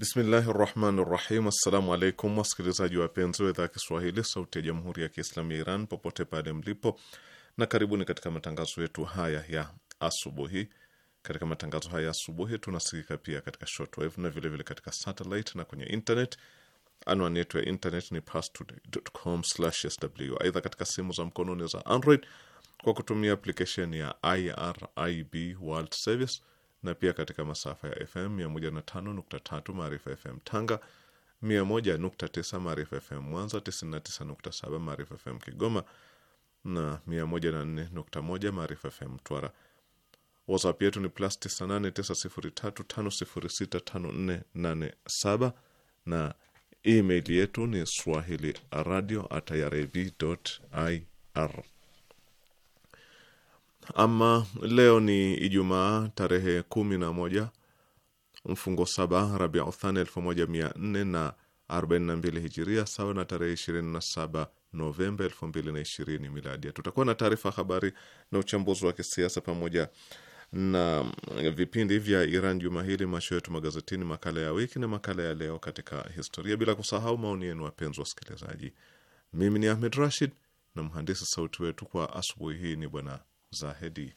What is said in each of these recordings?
Bismillahi rahmani rahim. Assalamu alaikum wasikilizaji wapenzi wa idhaa ya Kiswahili sauti ya jamhuri ya Kiislamu ya Iran popote pale mlipo, na karibuni katika matangazo yetu haya ya asubuhi. Katika matangazo haya ya asubuhi tunasikika pia katika shortwave na vilevile katika satellite na kwenye internet. Anwani yetu ya internet ni parstoday.com/sw. Aidha, katika simu za mkononi za Android kwa kutumia aplikesheni ya IRIB World Service na pia katika masafa ya FM 105.3 Maarifa FM Tanga, 101.9 Maarifa FM Mwanza, 99.7 Maarifa FM Kigoma na 104.1 Maarifa FM Mtwara. WhatsApp yetu ni plus 989035065487 na email yetu ni swahili radio at irib.ir. Ama leo ni Ijumaa tarehe kumi na moja mfungo saba Rabiu Uthani elfu moja mia nne na arobaini na mbili hijiria sawa na tarehe ishirini na saba Novemba elfu mbili na ishirini miladia. Tutakuwa na taarifa habari na uchambuzi wa kisiasa pamoja na vipindi vya Iran juma hili, macho yetu magazetini, makala ya wiki na makala ya leo katika historia, bila kusahau maoni yenu, wapenzi wasikilizaji. Mimi ni Ahmed Rashid na mhandisi sauti wetu kwa asubuhi hii ni Bwana Zahedi.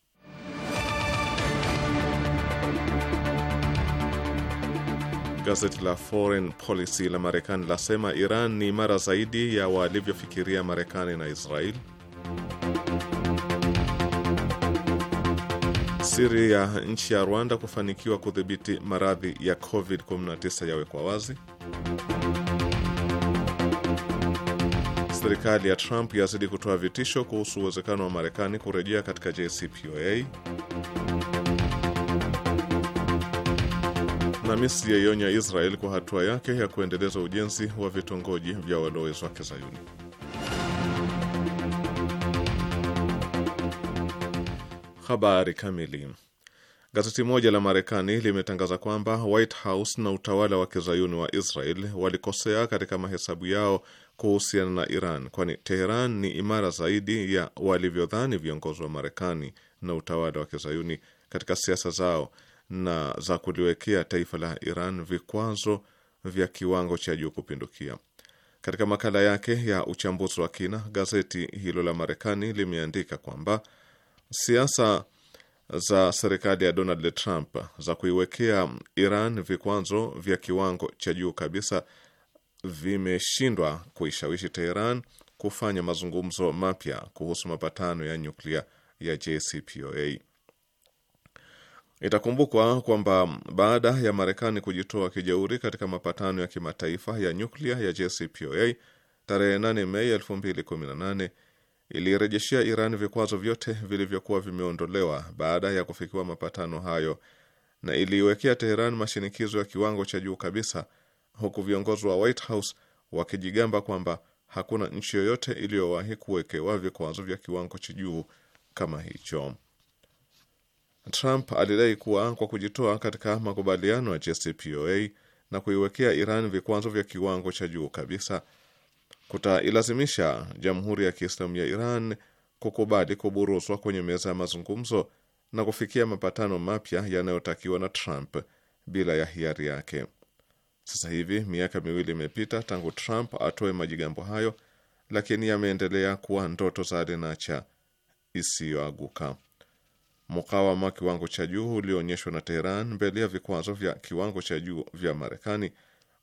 Gazeti la Foreign Policy la Marekani lasema Iran ni imara zaidi ya walivyofikiria Marekani na Israel. Siri ya nchi ya Rwanda kufanikiwa kudhibiti maradhi ya COVID-19 yawekwa wazi. Serikali ya Trump yazidi kutoa vitisho kuhusu uwezekano wa Marekani kurejea katika JCPOA. na Misri yaionya Israel kwa hatua yake ya kuendeleza ujenzi wa vitongoji vya walowezi wa Kizayuni. Habari kamili. Gazeti moja la Marekani limetangaza kwamba White House na utawala wa Kizayuni wa Israel walikosea katika mahesabu yao kuhusiana na Iran, kwani Teheran ni imara zaidi ya walivyodhani viongozi wa Marekani na utawala wa Kizayuni katika siasa zao na za kuliwekea taifa la Iran vikwazo vya kiwango cha juu kupindukia. Katika makala yake ya uchambuzi wa kina, gazeti hilo la Marekani limeandika kwamba siasa za serikali ya Donald Trump za kuiwekea Iran vikwazo vya kiwango cha juu kabisa vimeshindwa kuishawishi Teheran kufanya mazungumzo mapya kuhusu mapatano ya nyuklia ya JCPOA. Itakumbukwa kwamba baada ya Marekani kujitoa kijeuri katika mapatano ya kimataifa ya nyuklia ya JCPOA tarehe 8 Mei 2018 ilirejeshea Iran vikwazo vyote vilivyokuwa vimeondolewa baada ya kufikiwa mapatano hayo na iliiwekea Teheran mashinikizo ya kiwango cha juu kabisa, huku viongozi wa White House wakijigamba kwamba hakuna nchi yoyote iliyowahi kuwekewa vikwazo vya kiwango cha juu kama hicho. Trump alidai kuwa kwa kujitoa katika makubaliano ya JCPOA na kuiwekea Iran vikwazo vya kiwango cha juu kabisa kutailazimisha Jamhuri ya Kiislamu ya Iran kukubali kuburuzwa kwenye meza ya mazungumzo na kufikia mapatano mapya yanayotakiwa na Trump bila ya hiari yake. Sasa hivi miaka miwili imepita tangu Trump atoe majigambo hayo, lakini yameendelea kuwa ndoto za alenacha isiyoaguka mukawama kiwango cha juu ulioonyeshwa na Teheran mbele ya vikwazo vya kiwango cha juu vya Marekani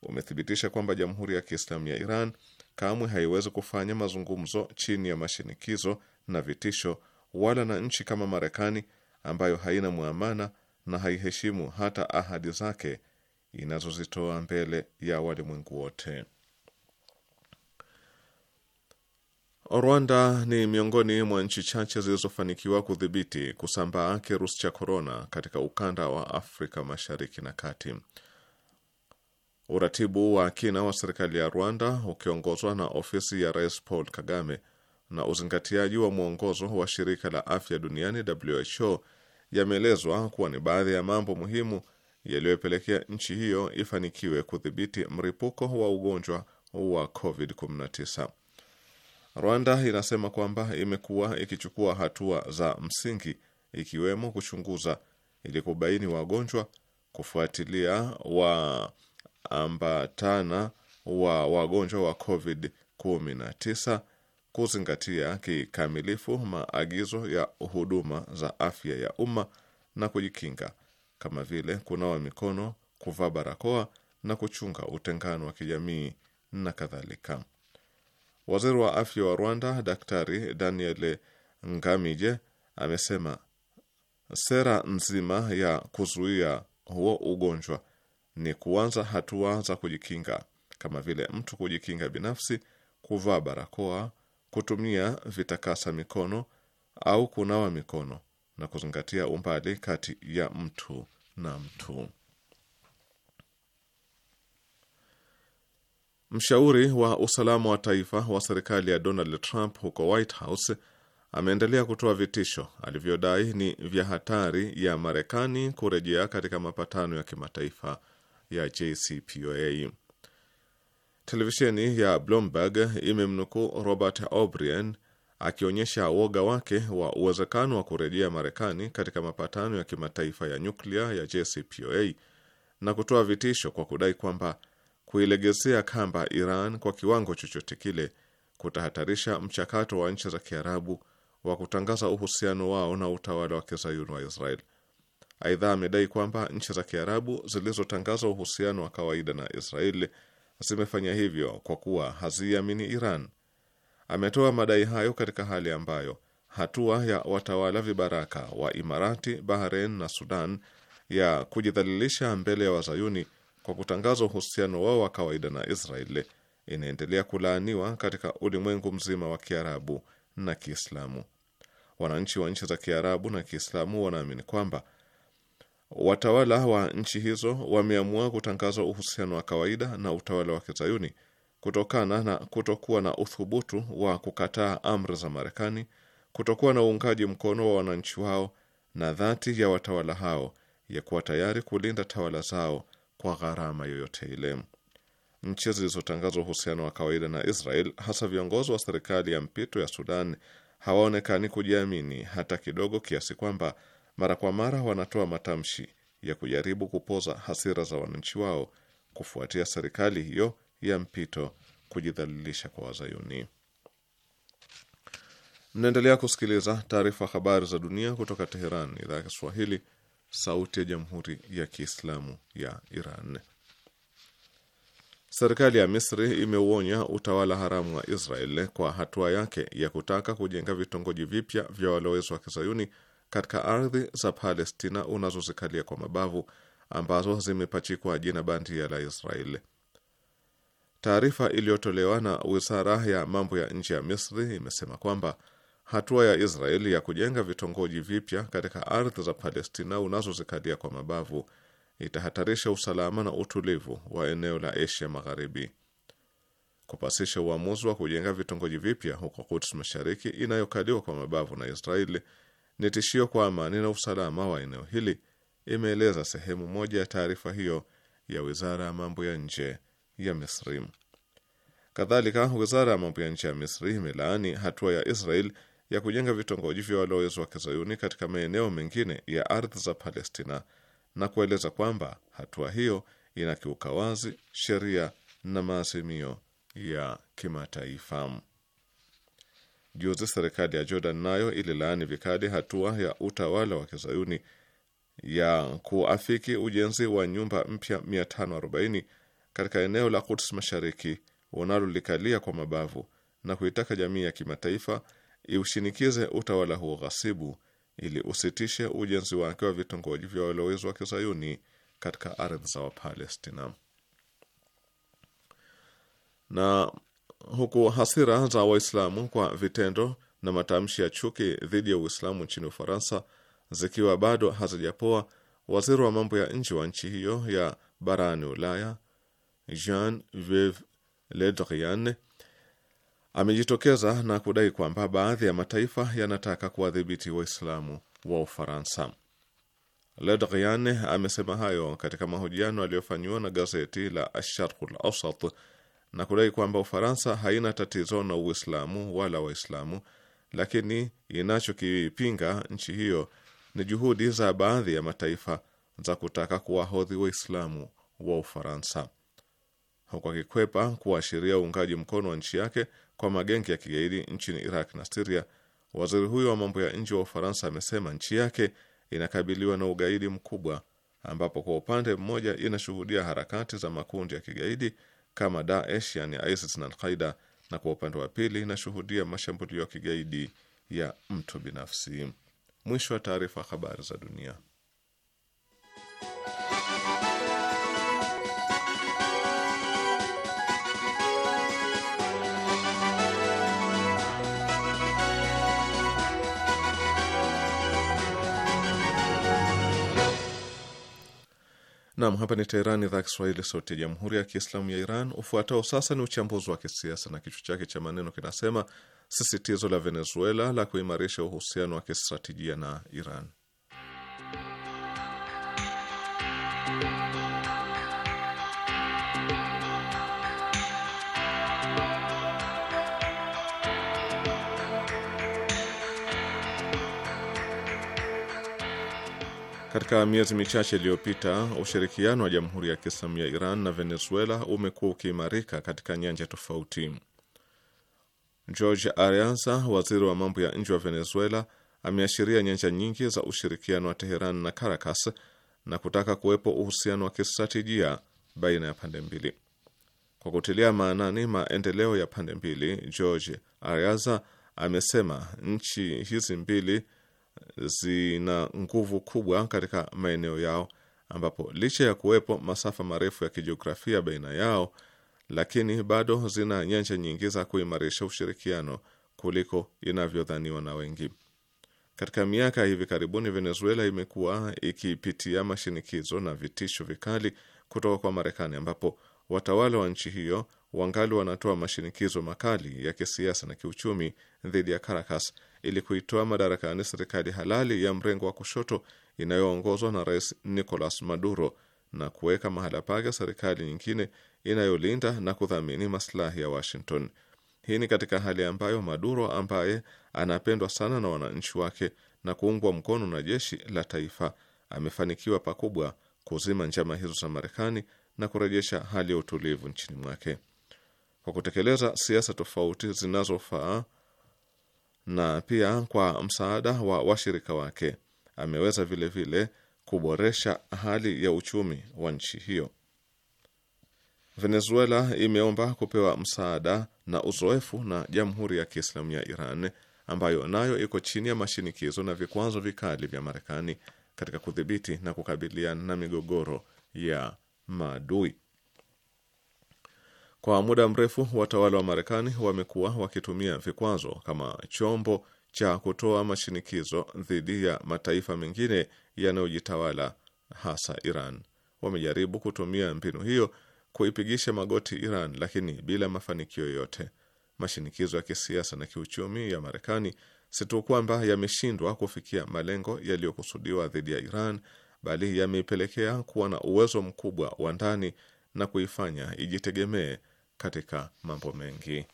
umethibitisha kwamba Jamhuri ya Kiislamu ya Iran kamwe haiwezi kufanya mazungumzo chini ya mashinikizo na vitisho, wala na nchi kama Marekani ambayo haina mwamana na haiheshimu hata ahadi zake inazozitoa mbele ya walimwengu wote. Rwanda ni miongoni mwa nchi chache zilizofanikiwa kudhibiti kusambaa kirusi cha korona katika ukanda wa Afrika Mashariki na Kati. Uratibu wa kina wa serikali ya Rwanda ukiongozwa na ofisi ya Rais Paul Kagame na uzingatiaji wa mwongozo wa shirika la afya duniani WHO yameelezwa kuwa ni baadhi ya mambo muhimu yaliyopelekea nchi hiyo ifanikiwe kudhibiti mripuko wa ugonjwa wa COVID-19. Rwanda inasema kwamba imekuwa ikichukua hatua za msingi ikiwemo kuchunguza ili kubaini wagonjwa, kufuatilia waambatana wa wagonjwa wa COVID-19, kuzingatia kikamilifu maagizo ya huduma za afya ya umma na kujikinga kama vile kunawa mikono, kuvaa barakoa na kuchunga utengano wa kijamii na kadhalika. Waziri wa afya wa Rwanda Daktari Daniel Ngamije amesema sera nzima ya kuzuia huo ugonjwa ni kuanza hatua za kujikinga kama vile mtu kujikinga binafsi, kuvaa barakoa, kutumia vitakasa mikono au kunawa mikono na kuzingatia umbali kati ya mtu na mtu. Mshauri wa usalama wa taifa wa serikali ya Donald Trump huko White House ameendelea kutoa vitisho alivyodai ni vya hatari ya Marekani kurejea katika mapatano ya kimataifa ya JCPOA. Televisheni ya Bloomberg imemnukuu Robert O'Brien akionyesha woga wake wa uwezekano wa kurejea Marekani katika mapatano ya kimataifa ya nyuklia ya JCPOA na kutoa vitisho kwa kudai kwamba kuilegezea kamba Iran kwa kiwango chochote kile kutahatarisha mchakato wa nchi za Kiarabu wa kutangaza uhusiano wao na utawala wa kizayuni wa Israel. Aidha, amedai kwamba nchi za Kiarabu zilizotangaza uhusiano wa kawaida na Israeli zimefanya hivyo kwa kuwa haziiamini Iran. Ametoa madai hayo katika hali ambayo hatua ya watawala vibaraka wa Imarati, Bahrain na Sudan ya kujidhalilisha mbele ya wazayuni kwa kutangaza uhusiano wao wa kawaida na Israeli inaendelea kulaaniwa katika ulimwengu mzima wa Kiarabu na Kiislamu. Wananchi wa nchi za Kiarabu na Kiislamu wanaamini kwamba watawala wa nchi hizo wameamua kutangaza uhusiano wa kawaida na utawala wa Kizayuni kutokana na kutokuwa na uthubutu wa kukataa amri za Marekani, kutokuwa na uungaji mkono wa wananchi wao na dhati ya watawala hao ya kuwa tayari kulinda tawala zao kwa gharama yoyote ile. Nchi zilizotangazwa uhusiano wa kawaida na Israel, hasa viongozi wa serikali ya mpito ya Sudan, hawaonekani kujiamini hata kidogo, kiasi kwamba mara kwa mara wanatoa matamshi ya kujaribu kupoza hasira za wananchi wao kufuatia serikali hiyo ya mpito kujidhalilisha kwa Wazayuni. Mnaendelea kusikiliza taarifa habari za dunia kutoka Teheran, idhaa ya Kiswahili, sauti ya jamhuri ya Kiislamu ya Iran. Serikali ya Misri imeuonya utawala haramu wa Israel kwa hatua yake ya kutaka kujenga vitongoji vipya vya walowezi wa kizayuni katika ardhi za Palestina unazozikalia kwa mabavu ambazo zimepachikwa jina bandia la Israel. Taarifa iliyotolewa na wizara ya mambo ya nje ya Misri imesema kwamba hatua ya Israeli ya kujenga vitongoji vipya katika ardhi za Palestina unazozikalia kwa mabavu itahatarisha usalama na utulivu wa eneo la Asia Magharibi. Kupasisha uamuzi wa kujenga vitongoji vipya huko Quds Mashariki inayokaliwa kwa mabavu na Israeli ni tishio kwa amani na usalama wa eneo hili, imeeleza sehemu moja ya taarifa hiyo ya wizara ya mambo ya nje ya Misri. Kadhalika, wizara ya mambo ya nje ya Misri imelaani hatua ya Israel ya kujenga vitongoji vya walowezi wa kizayuni katika maeneo mengine ya ardhi za Palestina na kueleza kwamba hatua hiyo inakiuka wazi sheria na maazimio ya kimataifa. Juzi serikali ya Jordan nayo ililaani vikali hatua ya utawala wa kizayuni ya kuafiki ujenzi wa nyumba mpya 540 katika eneo la Quds Mashariki unalolikalia kwa mabavu na kuitaka jamii ya kimataifa iushinikize utawala huo ghasibu ili usitishe ujenzi wake wa vitongoji vya walowezi wa kizayuni katika ardhi za Wapalestina. Na huku hasira za Waislamu kwa vitendo na matamshi ya chuki dhidi ya Uislamu nchini Ufaransa zikiwa bado hazijapoa, waziri wa mambo ya nje wa nchi hiyo ya barani Ulaya Jean Yves Le Drian amejitokeza na kudai kwamba baadhi ya mataifa yanataka kuwadhibiti Waislamu wa Ufaransa. Le Drian amesema hayo katika mahojiano aliyofanyiwa na gazeti la Asharhul Awsat na kudai kwamba Ufaransa haina tatizo na Uislamu wala Waislamu, lakini inachokipinga nchi hiyo ni juhudi za baadhi ya mataifa za kutaka kuwahodhi Waislamu wa Ufaransa huku akikwepa kuashiria uungaji mkono wa nchi yake kwa magenge ya kigaidi nchini Iraq na Siria. Waziri huyo wa mambo ya nje wa Ufaransa amesema nchi yake inakabiliwa na ugaidi mkubwa, ambapo kwa upande mmoja inashuhudia harakati za makundi ya kigaidi kama Daesh, yani ISIS na Alqaida, na kwa upande wa pili inashuhudia mashambulio ya kigaidi ya mtu binafsi. Mwisho wa taarifa. Habari za dunia. Nam, hapa ni Teherani, idhaa Kiswahili, sauti ya jamhuri ya kiislamu ya Iran. Ufuatao sasa ni uchambuzi wa kisiasa na kichwa chake cha maneno kinasema sisitizo la Venezuela la kuimarisha uhusiano wa kistratejia na Iran. Katika miezi michache iliyopita ushirikiano wa Jamhuri ya Kiislamu ya Iran na Venezuela umekuwa ukiimarika katika nyanja tofauti. George Arianza, waziri wa mambo ya nje wa Venezuela, ameashiria nyanja nyingi za ushirikiano wa Teheran na Caracas na kutaka kuwepo uhusiano wa kistratejia baina ya pande mbili. Kwa kutilia maanani maendeleo ya pande mbili, George Arias amesema nchi hizi mbili zina nguvu kubwa katika maeneo yao, ambapo licha ya kuwepo masafa marefu ya kijiografia baina yao, lakini bado zina nyanja nyingi za kuimarisha ushirikiano kuliko inavyodhaniwa na wengi. Katika miaka ya hivi karibuni, Venezuela imekuwa ikipitia mashinikizo na vitisho vikali kutoka kwa Marekani, ambapo watawala wa nchi hiyo wangali wanatoa mashinikizo makali ya kisiasa na kiuchumi dhidi ya Caracas ili kuitoa madarakani serikali halali ya mrengo wa kushoto inayoongozwa na Rais Nicolas Maduro na kuweka mahala pake serikali nyingine inayolinda na kudhamini maslahi ya Washington. Hii ni katika hali ambayo Maduro ambaye anapendwa sana na wananchi wake na kuungwa mkono na jeshi la taifa amefanikiwa pakubwa kuzima njama hizo za Marekani na kurejesha hali ya utulivu nchini mwake kwa kutekeleza siasa tofauti zinazofaa na pia kwa msaada wa washirika wake ameweza vilevile vile kuboresha hali ya uchumi wa nchi hiyo. Venezuela imeomba kupewa msaada na uzoefu na Jamhuri ya Kiislamu ya Iran ambayo nayo iko chini ya mashinikizo na vikwazo vikali vya Marekani katika kudhibiti na kukabiliana na migogoro ya maadui. Kwa muda mrefu watawala wa Marekani wamekuwa wakitumia vikwazo kama chombo cha kutoa mashinikizo dhidi ya mataifa mengine yanayojitawala hasa Iran. Wamejaribu kutumia mbinu hiyo kuipigisha magoti Iran, lakini bila mafanikio yoyote. Mashinikizo ya kisiasa na kiuchumi ya Marekani si tu kwamba yameshindwa kufikia malengo yaliyokusudiwa dhidi ya Iran, bali yameipelekea kuwa na uwezo mkubwa wa ndani na kuifanya ijitegemee katika mambo mengi.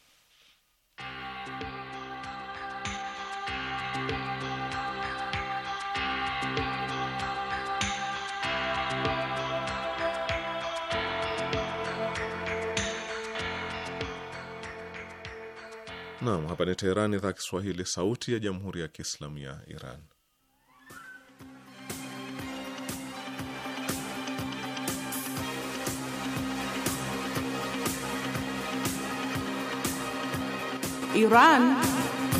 Naam, hapa ni Teherani, idhaa Kiswahili, sauti ya jamhuri ya kiislamu ya Iran. Iran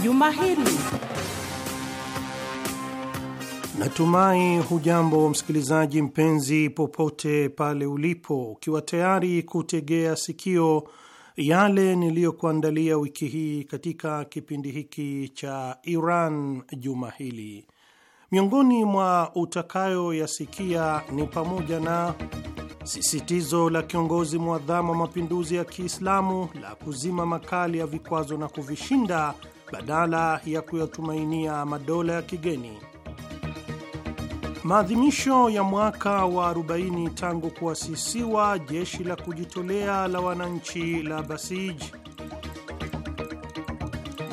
juma hili. Natumai hujambo msikilizaji mpenzi, popote pale ulipo, ukiwa tayari kutegea sikio yale niliyokuandalia wiki hii katika kipindi hiki cha Iran juma hili. Miongoni mwa utakayoyasikia ni pamoja na Sisitizo la kiongozi mwadhamu wa mapinduzi ya Kiislamu la kuzima makali ya vikwazo na kuvishinda badala ya kuyatumainia madola ya kigeni. Maadhimisho ya mwaka wa 40 tangu kuasisiwa jeshi la kujitolea la wananchi la Basij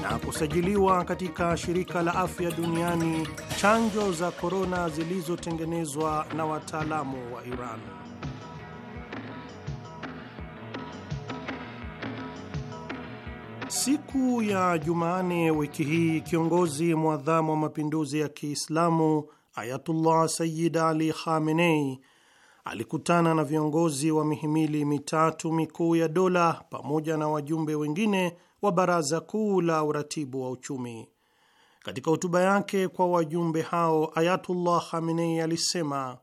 na kusajiliwa katika shirika la afya duniani chanjo za korona zilizotengenezwa na wataalamu wa Iran. Siku ya Jumane wiki hii kiongozi mwadhamu wa mapinduzi ya Kiislamu Ayatullah Sayyid Ali Khamenei alikutana na viongozi wa mihimili mitatu mikuu ya dola pamoja na wajumbe wengine wa baraza kuu la uratibu wa uchumi. Katika hotuba yake kwa wajumbe hao, Ayatullah Khamenei alisema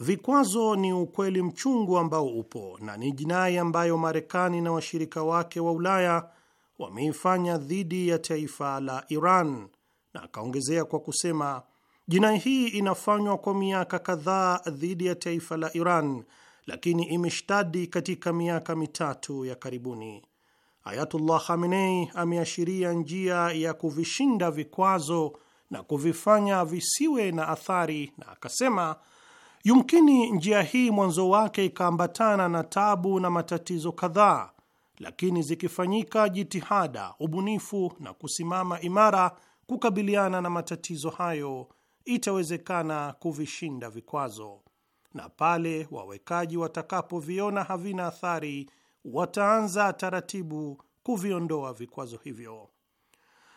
vikwazo ni ukweli mchungu ambao upo na ni jinai ambayo Marekani na washirika wake wa Ulaya wameifanya dhidi ya taifa la Iran, na akaongezea kwa kusema jinai hii inafanywa kwa miaka kadhaa dhidi ya taifa la Iran, lakini imeshtadi katika miaka mitatu ya karibuni. Ayatullah Khamenei ameashiria njia ya kuvishinda vikwazo na kuvifanya visiwe na athari, na akasema yumkini njia hii mwanzo wake ikaambatana na tabu na matatizo kadhaa lakini zikifanyika jitihada, ubunifu na kusimama imara kukabiliana na matatizo hayo, itawezekana kuvishinda vikwazo, na pale wawekaji watakapoviona havina athari, wataanza taratibu kuviondoa vikwazo hivyo.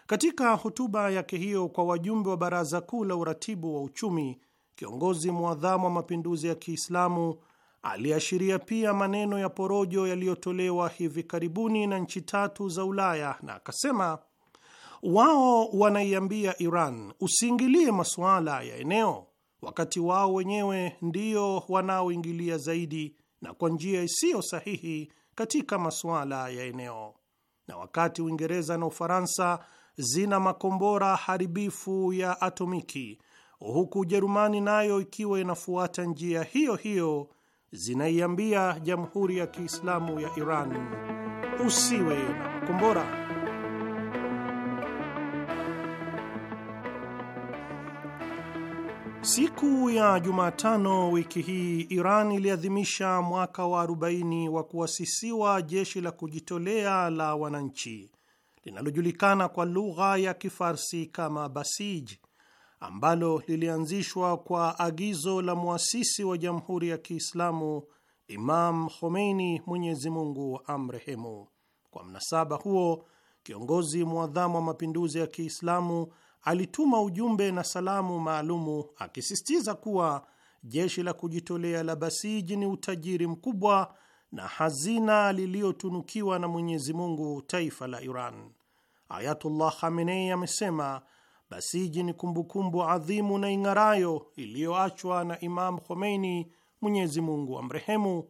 Katika hotuba yake hiyo kwa wajumbe wa Baraza Kuu la Uratibu wa Uchumi, kiongozi mwadhamu wa mapinduzi ya Kiislamu Aliashiria pia maneno ya porojo yaliyotolewa hivi karibuni na nchi tatu za Ulaya na akasema wao wanaiambia Iran usiingilie masuala ya eneo, wakati wao wenyewe ndio wanaoingilia zaidi na kwa njia isiyo sahihi katika masuala ya eneo. Na wakati Uingereza na Ufaransa zina makombora haribifu ya atomiki, huku Ujerumani nayo ikiwa inafuata njia hiyo hiyo zinaiambia Jamhuri ya Kiislamu ya Iran usiwe na makombora. Siku ya Jumatano wiki hii Iran iliadhimisha mwaka wa 40 wa kuasisiwa jeshi la kujitolea la wananchi linalojulikana kwa lugha ya Kifarsi kama Basij ambalo lilianzishwa kwa agizo la mwasisi wa Jamhuri ya Kiislamu Imam Khomeini, Mwenyezi Mungu amrehemu. Kwa mnasaba huo, kiongozi mwadhamu wa mapinduzi ya Kiislamu alituma ujumbe na salamu maalumu akisisitiza kuwa jeshi la kujitolea la Basiji ni utajiri mkubwa na hazina liliyotunukiwa na Mwenyezi Mungu taifa la Iran. Ayatullah Khamenei amesema Basiji ni kumbukumbu adhimu na ing'arayo iliyoachwa na Imam Khomeini, Mwenyezi Mungu amrehemu,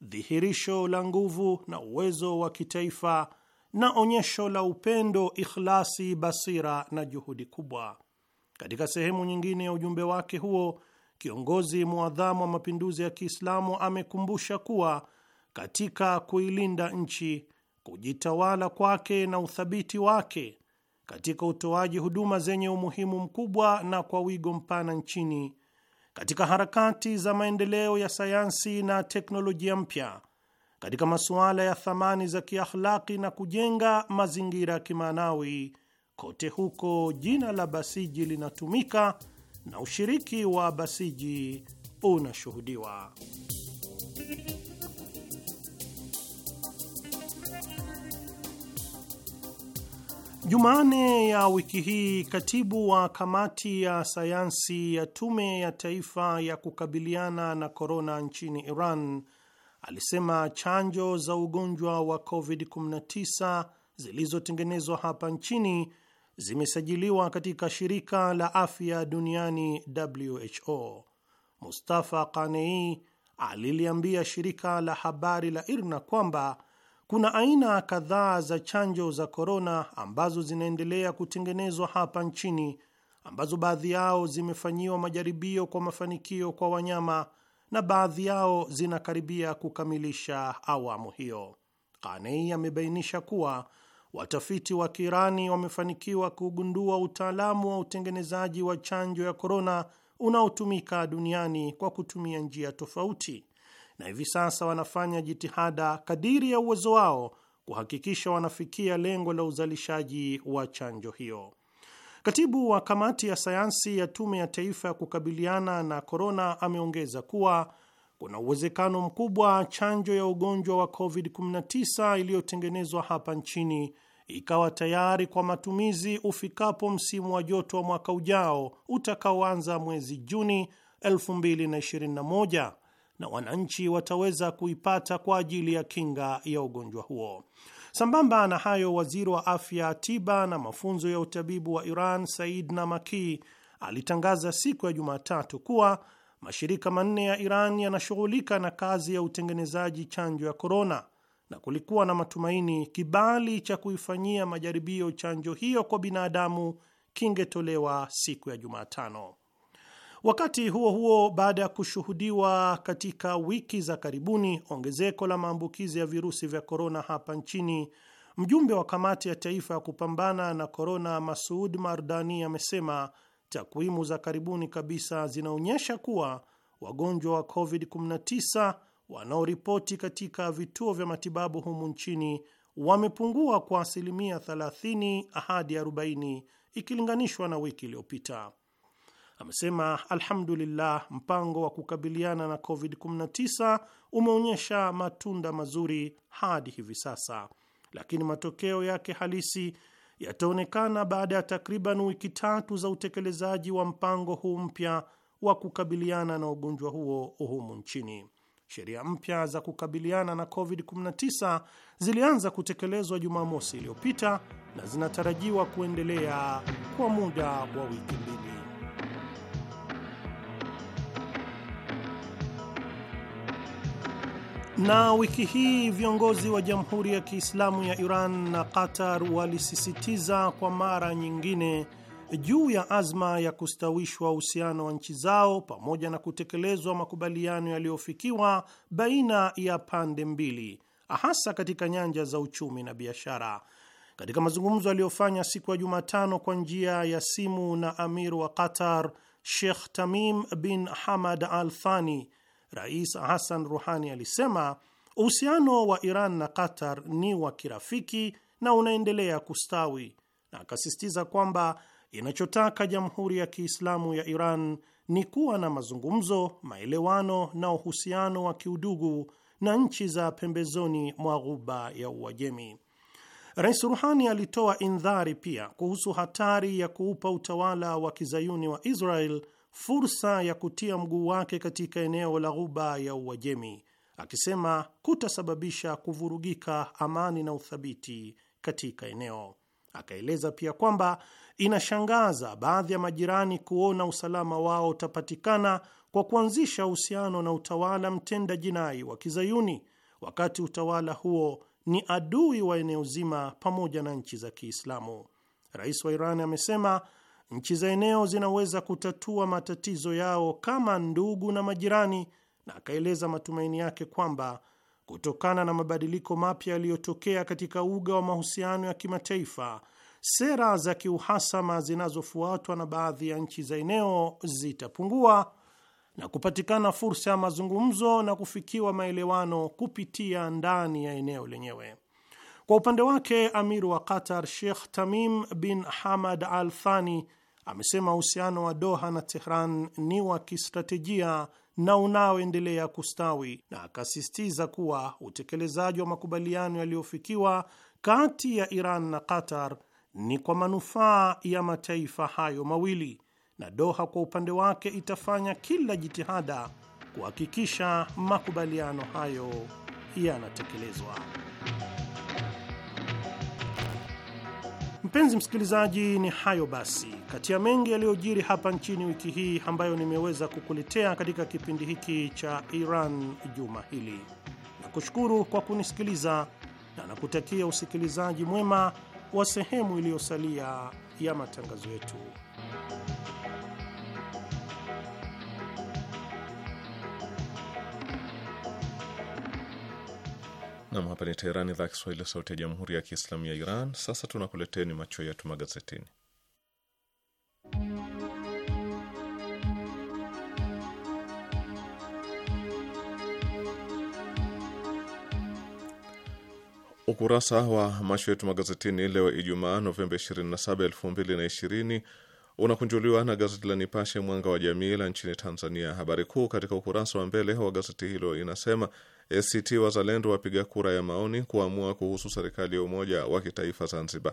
dhihirisho la nguvu na uwezo wa kitaifa na onyesho la upendo, ikhlasi, basira na juhudi kubwa. Katika sehemu nyingine ya ujumbe wake huo, kiongozi muadhamu wa mapinduzi ya Kiislamu amekumbusha kuwa katika kuilinda nchi, kujitawala kwake na uthabiti wake katika utoaji huduma zenye umuhimu mkubwa na kwa wigo mpana nchini katika harakati za maendeleo ya sayansi na teknolojia mpya, katika masuala ya thamani za kiakhlaki na kujenga mazingira ya kimaanawi. Kote huko jina la Basiji linatumika na ushiriki wa Basiji unashuhudiwa. Jumanne ya wiki hii katibu wa kamati ya sayansi ya tume ya taifa ya kukabiliana na korona nchini Iran alisema chanjo za ugonjwa wa COVID-19 zilizotengenezwa hapa nchini zimesajiliwa katika shirika la afya duniani WHO. Mustafa Kanei aliliambia shirika la habari la IRNA kwamba kuna aina kadhaa za chanjo za korona ambazo zinaendelea kutengenezwa hapa nchini ambazo baadhi yao zimefanyiwa majaribio kwa mafanikio kwa wanyama na baadhi yao zinakaribia kukamilisha awamu hiyo. Kanei amebainisha kuwa watafiti wa Kirani wamefanikiwa kugundua utaalamu wa utengenezaji wa chanjo ya korona unaotumika duniani kwa kutumia njia tofauti na hivi sasa wanafanya jitihada kadiri ya uwezo wao kuhakikisha wanafikia lengo la uzalishaji wa chanjo hiyo. Katibu wa kamati ya sayansi ya Tume ya Taifa ya Kukabiliana na Korona ameongeza kuwa kuna uwezekano mkubwa chanjo ya ugonjwa wa COVID-19 iliyotengenezwa hapa nchini ikawa tayari kwa matumizi ufikapo msimu wa joto wa mwaka ujao utakaoanza mwezi Juni 2021 na wananchi wataweza kuipata kwa ajili ya kinga ya ugonjwa huo. Sambamba na hayo, waziri wa afya, tiba na mafunzo ya utabibu wa Iran Said Namaki alitangaza siku ya Jumatatu kuwa mashirika manne ya Iran yanashughulika na kazi ya utengenezaji chanjo ya korona, na kulikuwa na matumaini kibali cha kuifanyia majaribio chanjo hiyo kwa binadamu kingetolewa siku ya Jumatano. Wakati huo huo, baada ya kushuhudiwa katika wiki za karibuni ongezeko la maambukizi ya virusi vya korona hapa nchini, mjumbe wa kamati ya taifa ya kupambana na korona Masud Mardani amesema takwimu za karibuni kabisa zinaonyesha kuwa wagonjwa wa COVID-19 wanaoripoti katika vituo vya matibabu humu nchini wamepungua kwa asilimia 30 hadi 40 ikilinganishwa na wiki iliyopita amesema alhamdulillah, mpango wa kukabiliana na COVID-19 umeonyesha matunda mazuri hadi hivi sasa, lakini matokeo yake halisi yataonekana baada ya takriban wiki tatu za utekelezaji wa mpango huu mpya wa kukabiliana na ugonjwa huo humu nchini. Sheria mpya za kukabiliana na COVID-19 zilianza kutekelezwa Jumamosi iliyopita na zinatarajiwa kuendelea kwa muda wa wiki mbili. Na wiki hii viongozi wa Jamhuri ya Kiislamu ya Iran na Qatar walisisitiza kwa mara nyingine juu ya azma ya kustawishwa uhusiano wa nchi zao pamoja na kutekelezwa makubaliano yaliyofikiwa baina ya pande mbili, hasa katika nyanja za uchumi na biashara. Katika mazungumzo aliyofanya siku ya Jumatano kwa njia ya simu na amir wa Qatar, Sheikh Tamim bin Hamad Al Thani, Rais Hassan Ruhani alisema uhusiano wa Iran na Qatar ni wa kirafiki na unaendelea kustawi, na akasisitiza kwamba inachotaka Jamhuri ya Kiislamu ya Iran ni kuwa na mazungumzo, maelewano na uhusiano wa kiudugu na nchi za pembezoni mwa Ghuba ya Uajemi. Rais Ruhani alitoa indhari pia kuhusu hatari ya kuupa utawala wa kizayuni wa Israel fursa ya kutia mguu wake katika eneo la Ghuba ya Uajemi, akisema kutasababisha kuvurugika amani na uthabiti katika eneo. Akaeleza pia kwamba inashangaza baadhi ya majirani kuona usalama wao utapatikana kwa kuanzisha uhusiano na utawala mtenda jinai wa Kizayuni, wakati utawala huo ni adui wa eneo zima pamoja na nchi za Kiislamu. Rais wa Iran amesema nchi za eneo zinaweza kutatua matatizo yao kama ndugu na majirani, na akaeleza matumaini yake kwamba kutokana na mabadiliko mapya yaliyotokea katika uga wa mahusiano ya kimataifa, sera za kiuhasama zinazofuatwa na baadhi ya nchi za eneo zitapungua na kupatikana fursa ya mazungumzo na kufikiwa maelewano kupitia ndani ya eneo lenyewe. Kwa upande wake amir wa Qatar Sheikh Tamim bin Hamad Al Thani amesema uhusiano wa Doha na Tehran ni wa kistratejia na unaoendelea kustawi, na akasisitiza kuwa utekelezaji wa makubaliano yaliyofikiwa kati ya Iran na Qatar ni kwa manufaa ya mataifa hayo mawili, na Doha kwa upande wake itafanya kila jitihada kuhakikisha makubaliano hayo yanatekelezwa. Mpenzi msikilizaji, ni hayo basi kati ya mengi yaliyojiri hapa nchini wiki hii ambayo nimeweza kukuletea katika kipindi hiki cha Iran juma hili. Nakushukuru kwa kunisikiliza na nakutakia usikilizaji mwema wa sehemu iliyosalia ya matangazo yetu. Nam, hapa ni Teherani, idhaa Kiswahili, sauti ya jamhuri ya kiislamu ya Iran. Sasa tunakuleteni macho yetu magazetini. Ukurasa wa macho yetu magazetini leo Ijumaa Novemba 27, 2020 unakunjuliwa na gazeti la Nipashe mwanga wa jamii la nchini Tanzania. Habari kuu katika ukurasa wa mbele wa gazeti hilo inasema ACT Wazalendo wapiga kura ya maoni kuamua kuhusu serikali ya umoja wa kitaifa Zanzibar.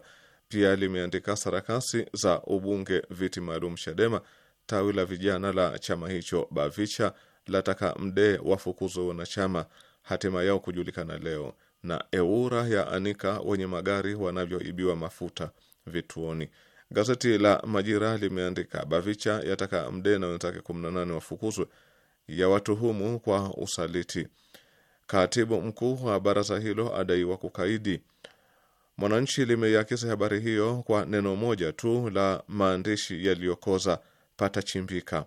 Pia limeandika sarakasi za ubunge viti maalum Chadema, tawi la vijana la chama hicho Bavicha lataka Mdee wafukuzwe wanachama, hatima yao kujulikana leo, na eura ya anika wenye magari wanavyoibiwa mafuta vituoni. Gazeti la Majira limeandika Bavicha yataka Mdee na wenzake 18 wafukuzwe, ya watuhumu kwa usaliti Katibu mkuu wa baraza hilo adaiwa kukaidi. Mwananchi limeiakisi habari hiyo kwa neno moja tu la maandishi yaliyokoza pata chimbika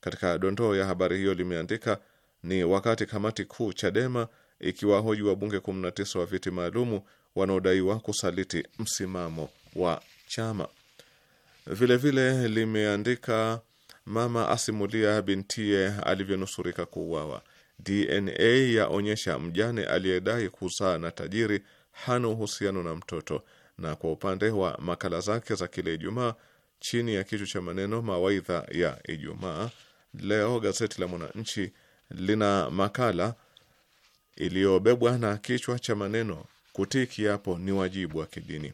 Katika dondoo ya habari hiyo limeandika ni wakati kamati kuu Chadema ikiwahoji wabunge 19 wa viti maalumu wanaodaiwa kusaliti msimamo wa chama. Vilevile vile limeandika mama asimulia bintie alivyonusurika kuuawa. DNA yaonyesha mjane aliyedai kuzaa na tajiri hana uhusiano na mtoto. Na kwa upande wa makala zake za kila Ijumaa chini ya kichwa cha maneno mawaidha ya Ijumaa, leo gazeti la Mwananchi lina makala iliyobebwa na kichwa cha maneno kutii kiapo ni wajibu wa kidini.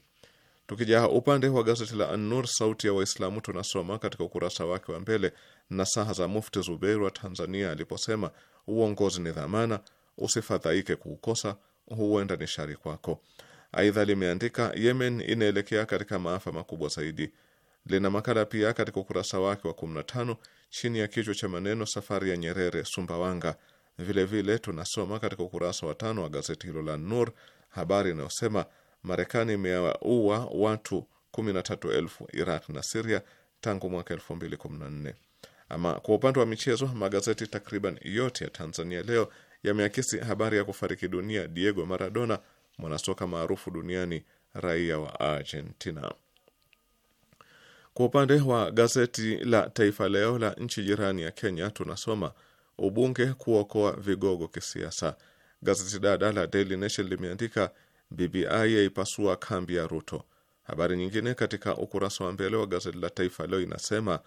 Tukija upande wa gazeti la An-Nur sauti ya Waislamu, tunasoma katika ukurasa wake wa mbele na saha za Mufti Zubeiru wa Tanzania aliposema Uongozi ni dhamana, usifadhaike kuukosa, huenda ni shari kwako. Aidha limeandika Yemen inaelekea katika maafa makubwa zaidi. Lina makala pia katika ukurasa wake wa 15 chini ya kichwa cha maneno safari ya Nyerere Sumbawanga. Vilevile tunasoma katika ukurasa wa tano wa gazeti hilo la Nur habari inayosema Marekani imewaua watu 13,000 Iraq na Siria tangu mwaka 2014. Ama kwa upande wa michezo, magazeti takriban yote ya Tanzania leo yameakisi habari ya kufariki dunia Diego Maradona, mwanasoka maarufu duniani, raia wa Argentina. Kwa upande wa gazeti la Taifa Leo la nchi jirani ya Kenya tunasoma ubunge kuokoa vigogo kisiasa. Gazeti dada la Daily Nation limeandika BBI yaipasua kambi ya Ruto. Habari nyingine katika ukurasa wa mbele wa gazeti la Taifa Leo inasema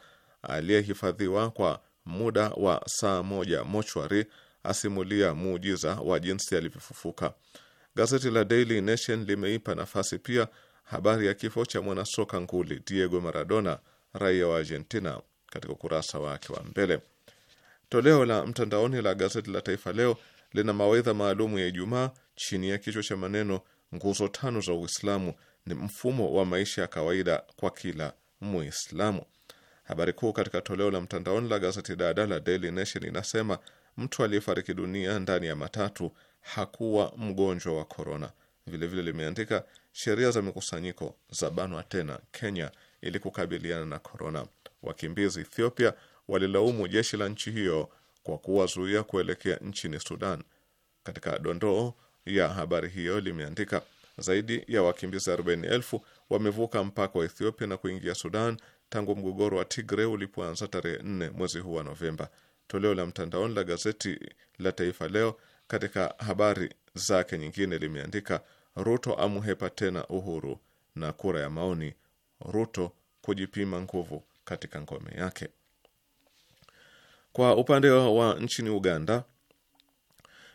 aliyehifadhiwa kwa muda wa saa moja mochwari asimulia muujiza wa jinsi alivyofufuka. Gazeti la Daily Nation limeipa nafasi pia habari ya kifo cha mwanasoka nguli Diego Maradona, raia wa Argentina, katika ukurasa wake wa mbele. Toleo la mtandaoni la gazeti la Taifa Leo lina mawaidha maalumu ya Ijumaa chini ya kichwa cha maneno, nguzo tano za Uislamu ni mfumo wa maisha ya kawaida kwa kila Muislamu. Habari kuu katika toleo la mtandaoni la gazeti dada la Daily Nation inasema mtu aliyefariki dunia ndani ya matatu hakuwa mgonjwa wa korona. Vilevile limeandika sheria za mikusanyiko zabanwa tena Kenya ili kukabiliana na korona. Wakimbizi Ethiopia walilaumu jeshi la nchi hiyo kwa kuwazuia kuelekea nchini Sudan. Katika dondoo ya habari hiyo limeandika zaidi ya wakimbizi 40,000 wamevuka mpaka wa Ethiopia na kuingia Sudan tangu mgogoro wa Tigre ulipoanza tarehe 4 mwezi huu wa Novemba. Toleo la mtandaoni la gazeti la Taifa Leo katika habari zake nyingine limeandika Ruto amuhepa tena Uhuru na kura ya maoni, Ruto kujipima nguvu katika ngome yake. Kwa upande wa nchini Uganda,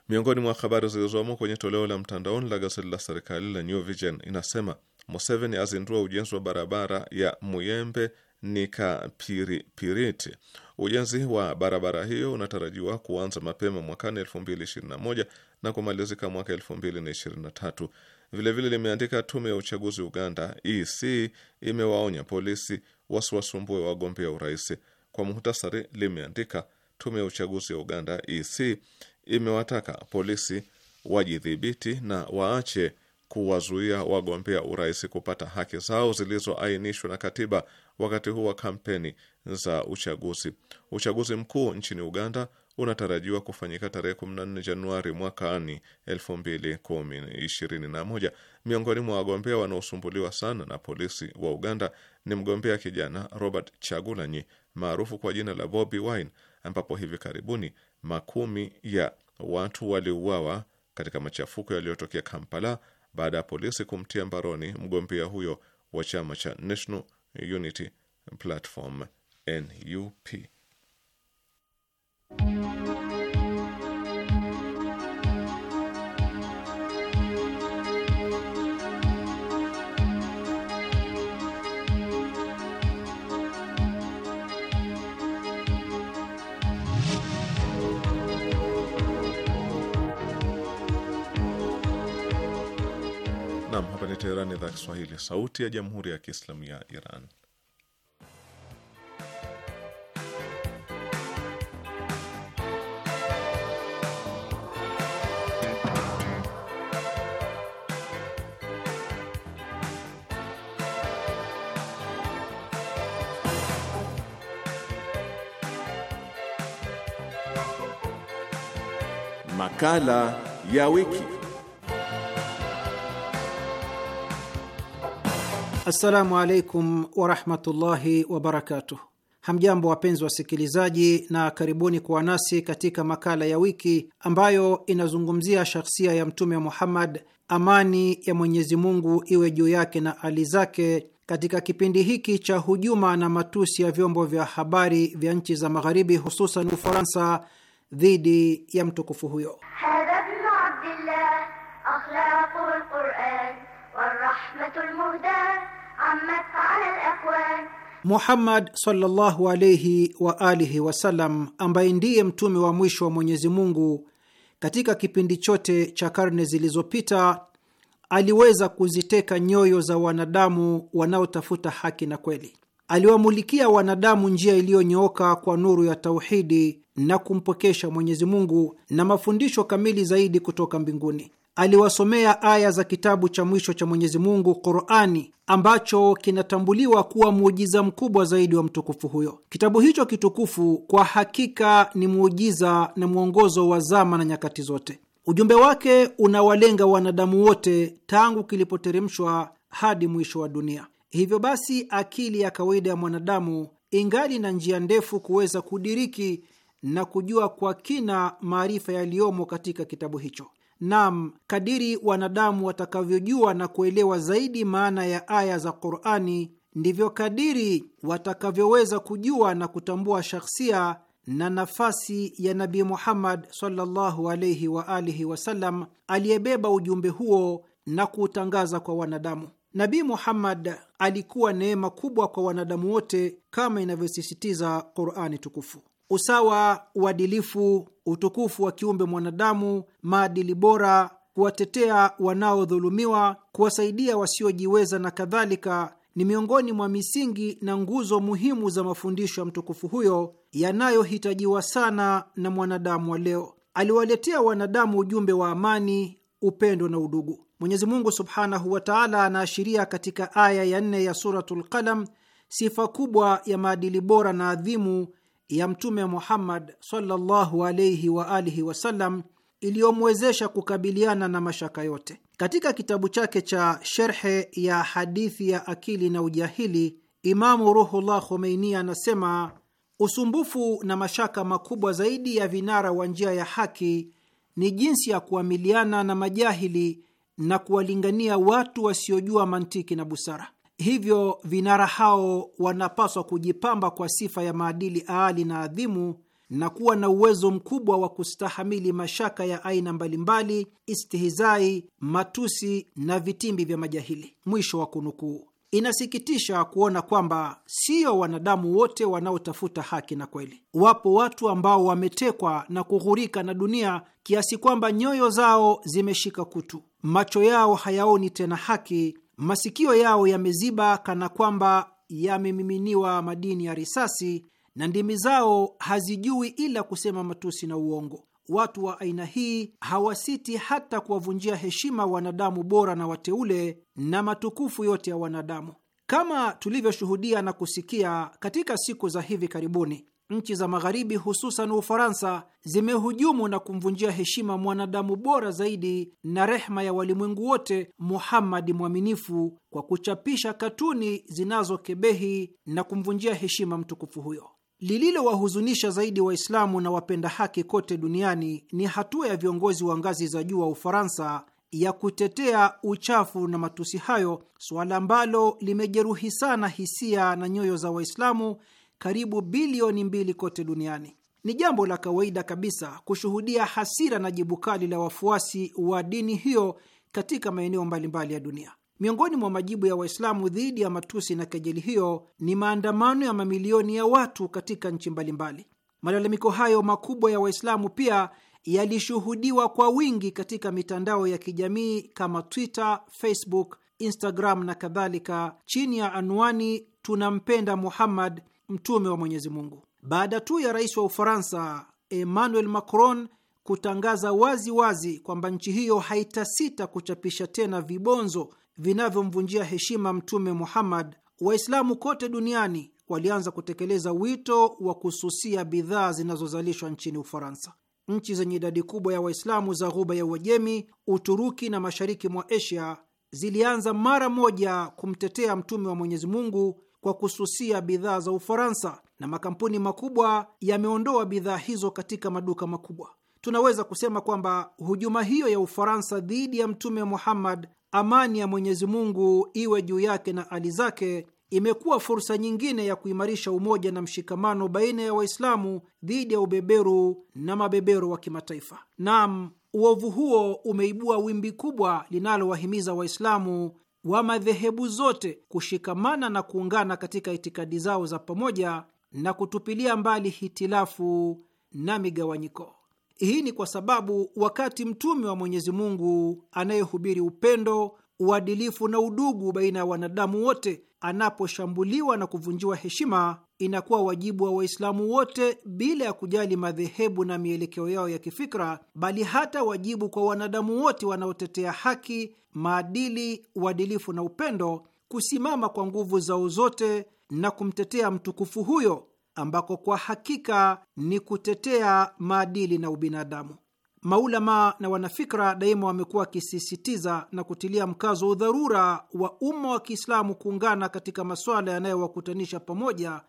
miongoni mwa habari zilizomo kwenye toleo la mtandaoni la gazeti la serikali la New Vision inasema Museveni azindua ujenzi wa barabara ya Muyembe Nikapiripiriti. Ujenzi wa barabara hiyo unatarajiwa kuanza mapema mwakani 2021 na kumalizika mwaka 2023. Vilevile limeandika tume ya uchaguzi Uganda EC imewaonya polisi wasiwasumbue wagombea urais. Kwa muhtasari, limeandika tume ya uchaguzi ya Uganda EC imewataka polisi wajidhibiti na waache kuwazuia wagombea urais kupata haki zao zilizoainishwa na katiba wakati huu wa kampeni za uchaguzi. Uchaguzi mkuu nchini Uganda unatarajiwa kufanyika tarehe 14 Januari mwakani 2021. Miongoni mwa wagombea wanaosumbuliwa sana na polisi wa Uganda ni mgombea kijana Robert Chagulanyi maarufu kwa jina la Bobi Wine, ambapo hivi karibuni makumi ya watu waliuawa katika machafuko yaliyotokea Kampala baada ya polisi kumtia mbaroni mgombea huyo wa chama cha National Unity Platform NUP. Teheran, idhaa Kiswahili, sauti ya jamhuri ya kiislamu ya Iran. Makala ya wiki. Assalamu alaikum warahmatullahi wabarakatuh. Hamjambo wapenzi wasikilizaji, na karibuni kuwa nasi katika makala ya wiki ambayo inazungumzia shakhsia ya Mtume Muhammad, amani ya Mwenyezi Mungu iwe juu yake na ali zake, katika kipindi hiki cha hujuma na matusi ya vyombo vya habari vya nchi za Magharibi, hususan Ufaransa, dhidi ya mtukufu huyo. Muhammad sallallahu alayhi wa alihi wasallam ambaye ndiye mtume wa mwisho wa Mwenyezi Mungu katika kipindi chote cha karne zilizopita aliweza kuziteka nyoyo za wanadamu wanaotafuta haki na kweli. Aliwamulikia wanadamu njia iliyonyooka kwa nuru ya tauhidi na kumpokesha Mwenyezi Mungu na mafundisho kamili zaidi kutoka mbinguni aliwasomea aya za kitabu cha mwisho cha Mwenyezi Mungu, Qurani, ambacho kinatambuliwa kuwa muujiza mkubwa zaidi wa mtukufu huyo. Kitabu hicho kitukufu kwa hakika ni muujiza na mwongozo wa zama na nyakati zote. Ujumbe wake unawalenga wanadamu wote tangu kilipoteremshwa hadi mwisho wa dunia. Hivyo basi, akili ya kawaida ya mwanadamu ingali na njia ndefu kuweza kudiriki na kujua kwa kina maarifa yaliyomo katika kitabu hicho. Nam, kadiri wanadamu watakavyojua na kuelewa zaidi maana ya aya za Qurani, ndivyo kadiri watakavyoweza kujua na kutambua shakhsia na nafasi ya nabi Muhammad sallallahu wa alihi wasallam aliyebeba ujumbe huo na kuutangaza kwa wanadamu. nabi Muhammad alikuwa neema kubwa kwa wanadamu wote kama inavyosisitiza Qurani tukufu usawa, uadilifu, utukufu wa kiumbe mwanadamu, maadili bora, kuwatetea wanaodhulumiwa, kuwasaidia wasiojiweza na kadhalika ni miongoni mwa misingi na nguzo muhimu za mafundisho ya mtukufu huyo yanayohitajiwa sana na mwanadamu wa leo. Aliwaletea wanadamu ujumbe wa amani, upendo na udugu. Mwenyezi Mungu subhanahu wa taala anaashiria katika aya ya nne ya Suratul Qalam sifa kubwa ya maadili bora na adhimu ya Mtume Muhammad sallallahu alaihi wa alihi wasallam iliyomwezesha kukabiliana na mashaka yote. Katika kitabu chake cha Sherhe ya Hadithi ya Akili na Ujahili, Imamu Ruhullah Khomeini anasema usumbufu na mashaka makubwa zaidi ya vinara wa njia ya haki ni jinsi ya kuamiliana na majahili na kuwalingania watu wasiojua mantiki na busara. Hivyo vinara hao wanapaswa kujipamba kwa sifa ya maadili aali na adhimu na kuwa na uwezo mkubwa wa kustahamili mashaka ya aina mbalimbali, istihizai, matusi na vitimbi vya majahili. Mwisho wa kunukuu. Inasikitisha kuona kwamba sio wanadamu wote wanaotafuta haki na kweli. Wapo watu ambao wametekwa na kughurika na dunia kiasi kwamba nyoyo zao zimeshika kutu, macho yao hayaoni tena haki Masikio yao yameziba kana kwamba yamemiminiwa madini ya risasi, na ndimi zao hazijui ila kusema matusi na uongo. Watu wa aina hii hawasiti hata kuwavunjia heshima wanadamu bora na wateule na matukufu yote ya wanadamu, kama tulivyoshuhudia na kusikia katika siku za hivi karibuni nchi za Magharibi, hususan Ufaransa, zimehujumu na kumvunjia heshima mwanadamu bora zaidi na rehma ya walimwengu wote, Muhammadi mwaminifu, kwa kuchapisha katuni zinazokebehi na kumvunjia heshima mtukufu huyo. Lililowahuzunisha zaidi Waislamu na wapenda haki kote duniani ni hatua ya viongozi wa ngazi za juu wa Ufaransa ya kutetea uchafu na matusi hayo, suala ambalo limejeruhi sana hisia na nyoyo za Waislamu karibu bilioni mbili kote duniani. Ni jambo la kawaida kabisa kushuhudia hasira na jibu kali la wafuasi wa dini hiyo katika maeneo mbalimbali ya dunia. Miongoni mwa majibu ya Waislamu dhidi ya matusi na kejeli hiyo ni maandamano ya mamilioni ya watu katika nchi mbalimbali. Malalamiko hayo makubwa ya Waislamu pia yalishuhudiwa kwa wingi katika mitandao ya kijamii kama Twitter, Facebook, Instagram na kadhalika, chini ya anwani tunampenda Muhammad mtume wa Mwenyezi Mungu. Baada tu ya rais wa Ufaransa Emmanuel Macron kutangaza wazi wazi kwamba nchi hiyo haitasita kuchapisha tena vibonzo vinavyomvunjia heshima Mtume Muhammad, Waislamu kote duniani walianza kutekeleza wito wa kususia bidhaa zinazozalishwa nchini Ufaransa. Nchi zenye idadi kubwa ya Waislamu za Ghuba ya Uajemi, Uturuki na mashariki mwa Asia zilianza mara moja kumtetea Mtume wa Mwenyezi Mungu kwa kususia bidhaa za Ufaransa na makampuni makubwa yameondoa bidhaa hizo katika maduka makubwa. Tunaweza kusema kwamba hujuma hiyo ya Ufaransa dhidi ya Mtume Muhammad, amani ya Mwenyezi Mungu iwe juu yake na ali zake, imekuwa fursa nyingine ya kuimarisha umoja na mshikamano baina ya Waislamu dhidi ya ubeberu na mabeberu wa kimataifa. Naam, uovu huo umeibua wimbi kubwa linalowahimiza Waislamu wa madhehebu zote kushikamana na kuungana katika itikadi zao za pamoja na kutupilia mbali hitilafu na migawanyiko. Hii ni kwa sababu wakati mtume wa Mwenyezi Mungu anayehubiri upendo, uadilifu na udugu baina ya wanadamu wote anaposhambuliwa na kuvunjiwa heshima, inakuwa wajibu wa Waislamu wote bila ya kujali madhehebu na mielekeo yao ya kifikra, bali hata wajibu kwa wanadamu wote wanaotetea haki maadili, uadilifu na upendo, kusimama kwa nguvu zao zote na kumtetea mtukufu huyo, ambako kwa hakika ni kutetea maadili na ubinadamu. Maulama na wanafikra daima wamekuwa wakisisitiza na kutilia mkazo udharura wa umma wa Kiislamu kuungana katika masuala yanayowakutanisha pamoja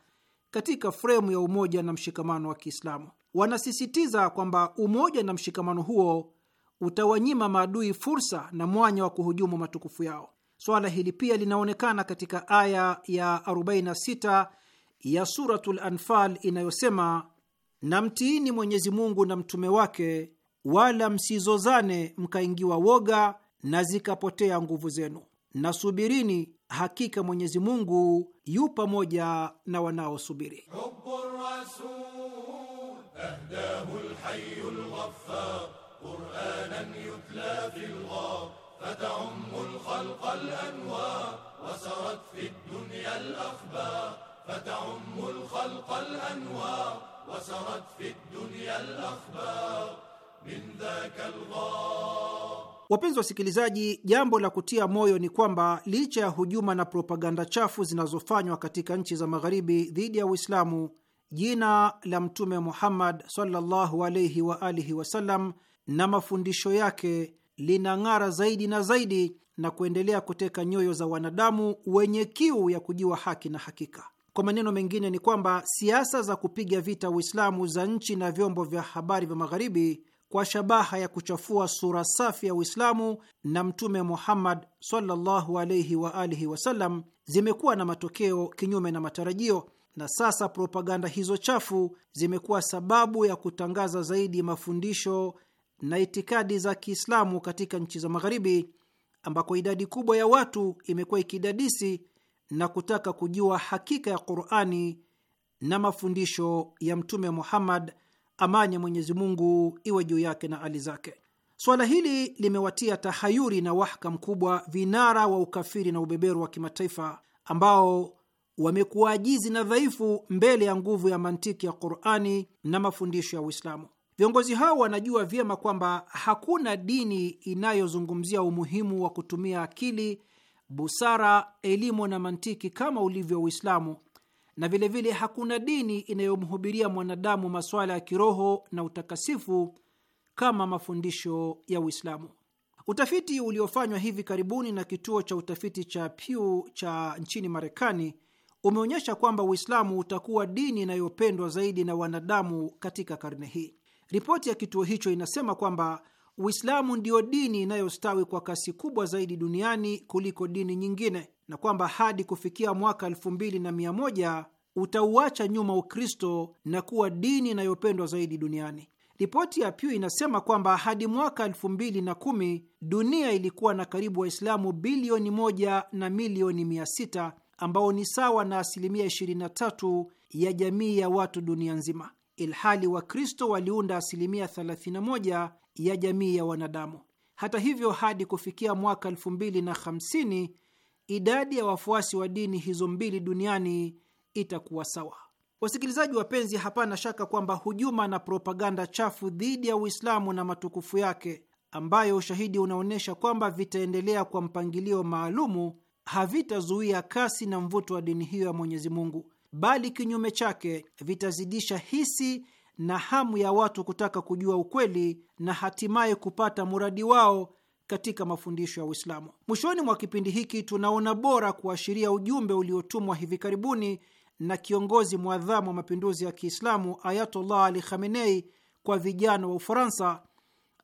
katika fremu ya umoja na mshikamano wa Kiislamu. Wanasisitiza kwamba umoja na mshikamano huo utawanyima maadui fursa na mwanya wa kuhujumu matukufu yao. Swala hili pia linaonekana katika aya ya 46 ya Suratul Anfal inayosema, na mtiini Mwenyezi Mungu na mtume wake, wala msizozane mkaingiwa woga na zikapotea nguvu zenu, na subirini, hakika Mwenyezi Mungu yu pamoja na wanaosubiri. قرآنا يتلى في الغار فتعم الخلق وسرت في الدنيا فتعم الخلق وسرت في الدنيا من ذاك الغار Wapenzi wasikilizaji, jambo la kutia moyo ni kwamba licha ya hujuma na propaganda chafu zinazofanywa katika nchi za Magharibi dhidi ya Uislamu, jina la Mtume Muhammad sallallahu alaihi wa alihi wasallam na mafundisho yake linang'ara zaidi na zaidi na kuendelea kuteka nyoyo za wanadamu wenye kiu ya kujua haki na hakika. Kwa maneno mengine, ni kwamba siasa za kupiga vita Uislamu za nchi na vyombo vya habari vya Magharibi kwa shabaha ya kuchafua sura safi ya Uislamu na Mtume Muhammad sallallahu alaihi wa alihi wasallam zimekuwa na matokeo kinyume na matarajio, na sasa propaganda hizo chafu zimekuwa sababu ya kutangaza zaidi mafundisho na itikadi za Kiislamu katika nchi za Magharibi, ambako idadi kubwa ya watu imekuwa ikidadisi na kutaka kujua hakika ya Qurani na mafundisho ya Mtume Muhammad, amani ya Mwenyezi Mungu iwe juu yake na ali zake. Suala hili limewatia tahayuri na wahka mkubwa vinara wa ukafiri na ubeberu wa kimataifa ambao wamekuwa ajizi na dhaifu mbele ya nguvu ya mantiki ya Qurani na mafundisho ya Uislamu. Viongozi hao wanajua vyema kwamba hakuna dini inayozungumzia umuhimu wa kutumia akili, busara, elimu na mantiki kama ulivyo Uislamu, na vilevile vile hakuna dini inayomhubiria mwanadamu masuala ya kiroho na utakasifu kama mafundisho ya Uislamu. Utafiti uliofanywa hivi karibuni na kituo cha utafiti cha Pew cha nchini Marekani umeonyesha kwamba Uislamu utakuwa dini inayopendwa zaidi na wanadamu katika karne hii. Ripoti ya kituo hicho inasema kwamba Uislamu ndiyo dini inayostawi kwa kasi kubwa zaidi duniani kuliko dini nyingine na kwamba hadi kufikia mwaka elfu mbili na mia moja utauacha nyuma Ukristo na kuwa dini inayopendwa zaidi duniani. Ripoti ya Pew inasema kwamba hadi mwaka elfu mbili na kumi dunia ilikuwa na karibu Waislamu bilioni moja na milioni mia sita ambao ni sawa na asilimia 23 ya jamii ya watu dunia nzima ilhali Wakristo waliunda asilimia 31 ya jamii ya wanadamu. Hata hivyo, hadi kufikia mwaka 2050 idadi ya wafuasi wa dini hizo mbili duniani itakuwa sawa. Wasikilizaji wapenzi, hapana shaka kwamba hujuma na propaganda chafu dhidi ya Uislamu na matukufu yake, ambayo ushahidi unaonyesha kwamba vitaendelea kwa mpangilio maalumu, havitazuia kasi na mvuto wa dini hiyo ya Mwenyezi Mungu bali kinyume chake vitazidisha hisi na hamu ya watu kutaka kujua ukweli na hatimaye kupata muradi wao katika mafundisho ya Uislamu. Mwishoni mwa kipindi hiki tunaona bora kuashiria ujumbe uliotumwa hivi karibuni na kiongozi mwadhamu wa mapinduzi ya Kiislamu Ayatollah Ali Khamenei kwa vijana wa Ufaransa,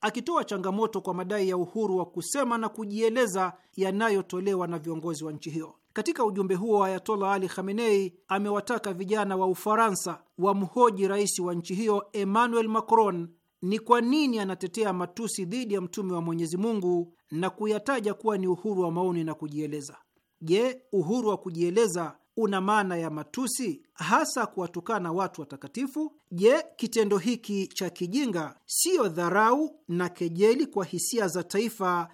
akitoa changamoto kwa madai ya uhuru wa kusema na kujieleza yanayotolewa na viongozi wa nchi hiyo. Katika ujumbe huo, Ayatola Ali Khamenei amewataka vijana wa Ufaransa wamhoji rais wa nchi hiyo Emmanuel Macron ni kwa nini anatetea matusi dhidi ya mtume wa Mwenyezi Mungu na kuyataja kuwa ni uhuru wa maoni na kujieleza. Je, uhuru wa kujieleza una maana ya matusi, hasa kuwatukana watu watakatifu? Je, kitendo hiki cha kijinga siyo dharau na kejeli kwa hisia za taifa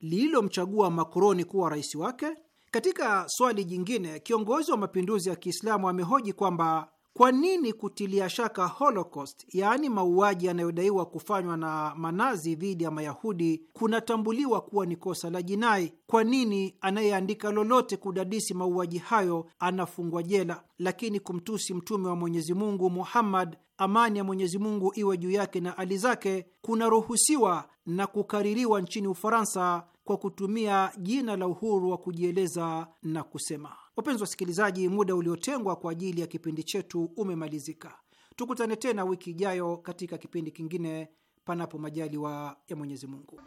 lililomchagua Makroni kuwa rais wake? Katika swali jingine, kiongozi wa mapinduzi ya Kiislamu amehoji kwamba kwa nini kutilia shaka Holocaust, yaani mauaji yanayodaiwa kufanywa na manazi dhidi ya Mayahudi, kunatambuliwa kuwa ni kosa la jinai? Kwa nini anayeandika lolote kudadisi mauaji hayo anafungwa jela, lakini kumtusi mtume wa Mwenyezi Mungu Muhammad, amani ya Mwenyezi Mungu iwe juu yake na ali zake, kunaruhusiwa na kukaririwa nchini Ufaransa kwa kutumia jina la uhuru wa kujieleza na kusema. Wapenzi wasikilizaji, muda uliotengwa kwa ajili ya kipindi chetu umemalizika. Tukutane tena wiki ijayo katika kipindi kingine, panapo majaliwa ya Mwenyezi Mungu.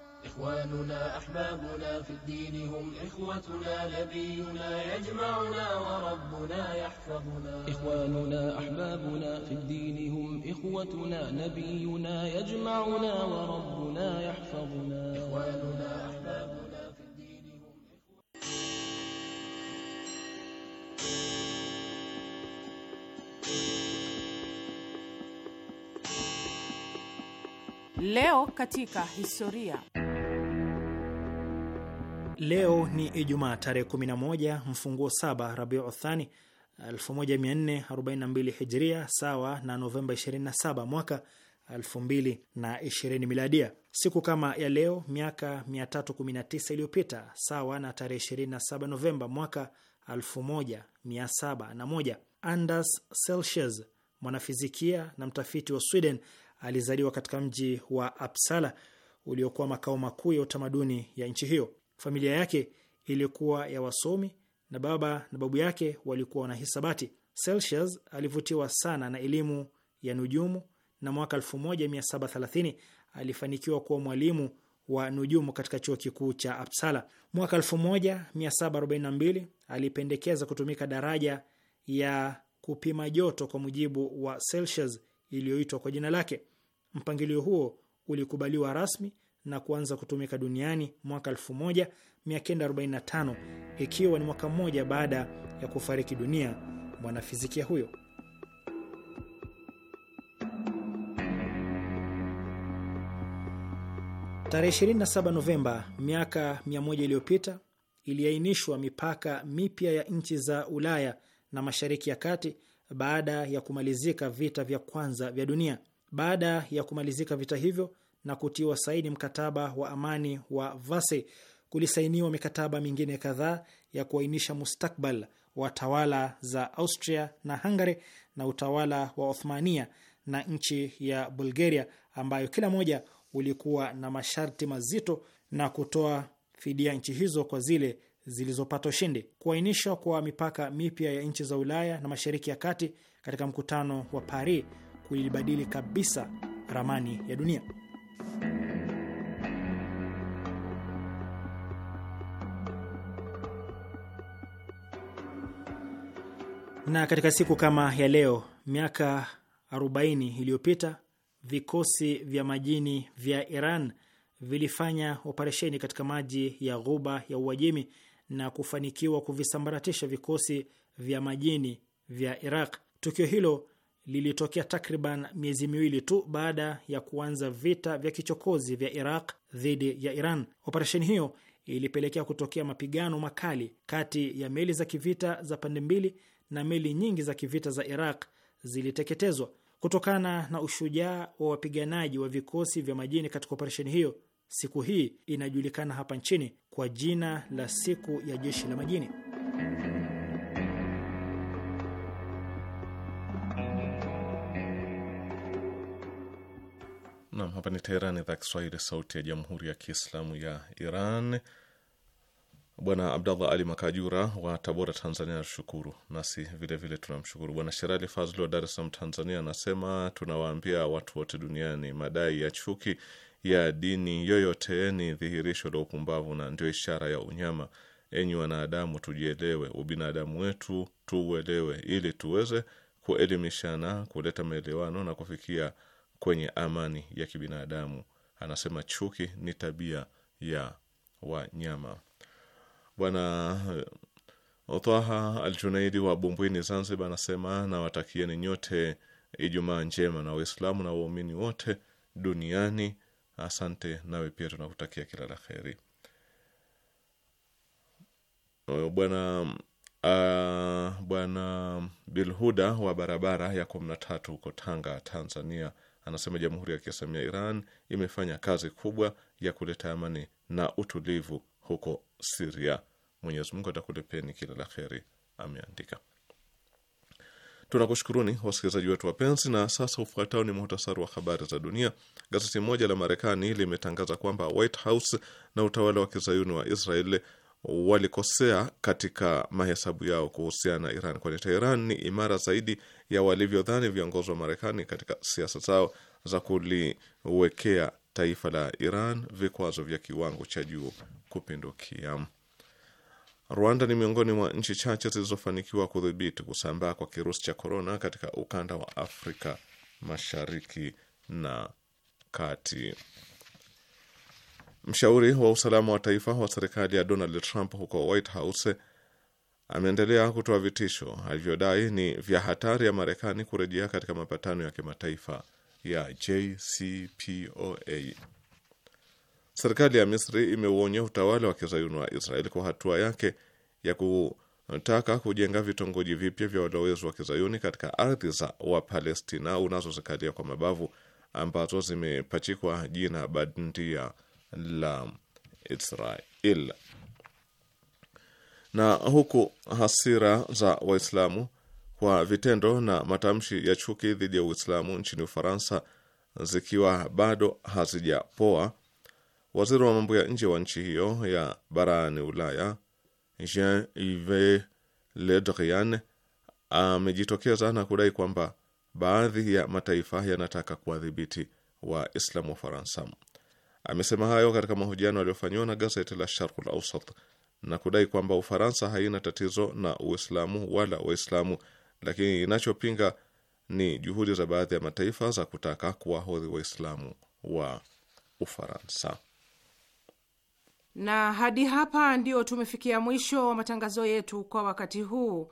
Leo katika historia. Leo ni Ijumaa tarehe 11 mfunguo saba Rabiu uthani 1442 Hijria, sawa na Novemba 27 mwaka 2020 Miladia. Siku kama ya leo miaka 319 iliyopita, sawa na tarehe 27 Novemba mwaka 1701, Anders Celsius, mwanafizikia na mtafiti wa Sweden alizaliwa katika mji wa Apsala uliokuwa makao makuu ya utamaduni ya nchi hiyo. Familia yake ilikuwa ya wasomi na baba na babu yake walikuwa wanahisabati. Celsius alivutiwa sana na elimu ya nujumu na mwaka 1730 alifanikiwa kuwa mwalimu wa nujumu katika chuo kikuu cha Apsala. Mwaka 1742 alipendekeza kutumika daraja ya kupima joto kwa mujibu wa Celsius iliyoitwa kwa jina lake. Mpangilio huo ulikubaliwa rasmi na kuanza kutumika duniani mwaka 1945 ikiwa ni mwaka mmoja baada ya kufariki dunia mwanafizikia huyo. Tarehe 27 Novemba miaka 100 iliyopita iliainishwa mipaka mipya ya nchi za Ulaya na Mashariki ya Kati baada ya kumalizika vita vya kwanza vya dunia. Baada ya kumalizika vita hivyo na kutiwa saini mkataba wa amani wa Vase, kulisainiwa mikataba mingine kadhaa ya kuainisha mustakbal wa tawala za Austria na Hungary na utawala wa Othmania na nchi ya Bulgaria, ambayo kila moja ulikuwa na masharti mazito na kutoa fidia nchi hizo kwa zile zilizopata ushindi, kuainishwa kwa mipaka mipya ya nchi za Ulaya na Mashariki ya Kati katika mkutano wa Paris kulibadili kabisa ramani ya dunia. Na katika siku kama ya leo miaka 40 iliyopita vikosi vya majini vya Iran vilifanya operesheni katika maji ya Ghuba ya Uajemi na kufanikiwa kuvisambaratisha vikosi vya majini vya Iraq. Tukio hilo lilitokea takriban miezi miwili tu baada ya kuanza vita vya kichokozi vya Iraq dhidi ya Iran. Operesheni hiyo ilipelekea kutokea mapigano makali kati ya meli za kivita za pande mbili, na meli nyingi za kivita za Iraq ziliteketezwa. Kutokana na ushujaa wa wapiganaji wa vikosi vya majini katika operesheni hiyo, Siku hii inajulikana hapa nchini kwa jina la siku ya jeshi la majini. Nam, hapa ni Teherani, idhaa Kiswahili, sauti ya jamhuri ya kiislamu ya Iran. Bwana Abdallah Ali Makajura wa Tabora, Tanzania, anashukuru Nasi vilevile tunamshukuru. Bwana Sherali Fazli wa Dar es Salaam, Tanzania, anasema tunawaambia watu wote duniani madai ya chuki ya dini yoyote ni dhihirisho la upumbavu na ndio ishara ya unyama. Enyi wanadamu, tujielewe, ubinadamu wetu tuuelewe, ili tuweze kuelimishana, kuleta maelewano na kufikia kwenye amani ya kibinadamu. Anasema chuki ni tabia ya wanyama. Bwana eh, Otwaha Aljunaidi wa Bumbwini, Zanzibar, anasema nawatakieni nyote Ijumaa njema na Waislamu na waumini wote duniani Asante, nawe pia tunakutakia kila la kheri Bwana uh, Bwana Bilhuda wa barabara ya kumi na tatu huko Tanga, Tanzania, anasema Jamhuri ya Kiislamu ya Iran imefanya kazi kubwa ya kuleta amani na utulivu huko Siria. Mwenyezi Mungu atakulepeni kila la kheri ameandika. Tunakushukuruni wasikilizaji wetu wapenzi, na sasa ufuatao ni muhtasari wa habari za dunia. Gazeti moja la Marekani limetangaza kwamba White House na utawala wa kizayuni wa Israel walikosea katika mahesabu yao kuhusiana na Iran, kwani Teheran ni imara zaidi ya walivyodhani viongozi wa Marekani katika siasa zao za kuliwekea taifa la Iran vikwazo vya kiwango cha juu kupindukia. Rwanda ni miongoni mwa nchi chache zilizofanikiwa kudhibiti kusambaa kwa kirusi cha korona katika ukanda wa Afrika Mashariki na kati. Mshauri wa usalama wa taifa wa serikali ya Donald Trump huko White House ameendelea kutoa vitisho alivyodai ni vya hatari ya Marekani kurejea katika mapatano ya kimataifa ya JCPOA. Serikali ya Misri imeuonya utawala wa kizayuni wa Israeli kwa hatua yake ya kutaka kujenga vitongoji vipya vya walowezi wa kizayuni katika ardhi za Wapalestina unazozikalia kwa mabavu ambazo zimepachikwa jina bandia la Israel. Na huku hasira za Waislamu kwa vitendo na matamshi ya chuki dhidi ya Uislamu nchini Ufaransa zikiwa bado hazijapoa, waziri wa mambo ya nje wa nchi hiyo ya barani Ulaya Jean-Yves Le Drian amejitokeza na kudai kwamba baadhi ya mataifa yanataka kuwadhibiti Waislamu wa Faransa. Amesema hayo katika mahojiano aliyofanyiwa na gazeti la Sharq al-Awsat na kudai kwamba Ufaransa haina tatizo na Uislamu wala Waislamu, lakini inachopinga ni juhudi za baadhi ya mataifa za kutaka kuwahodhi Waislamu wa Ufaransa. Na hadi hapa ndio tumefikia mwisho wa matangazo yetu kwa wakati huu.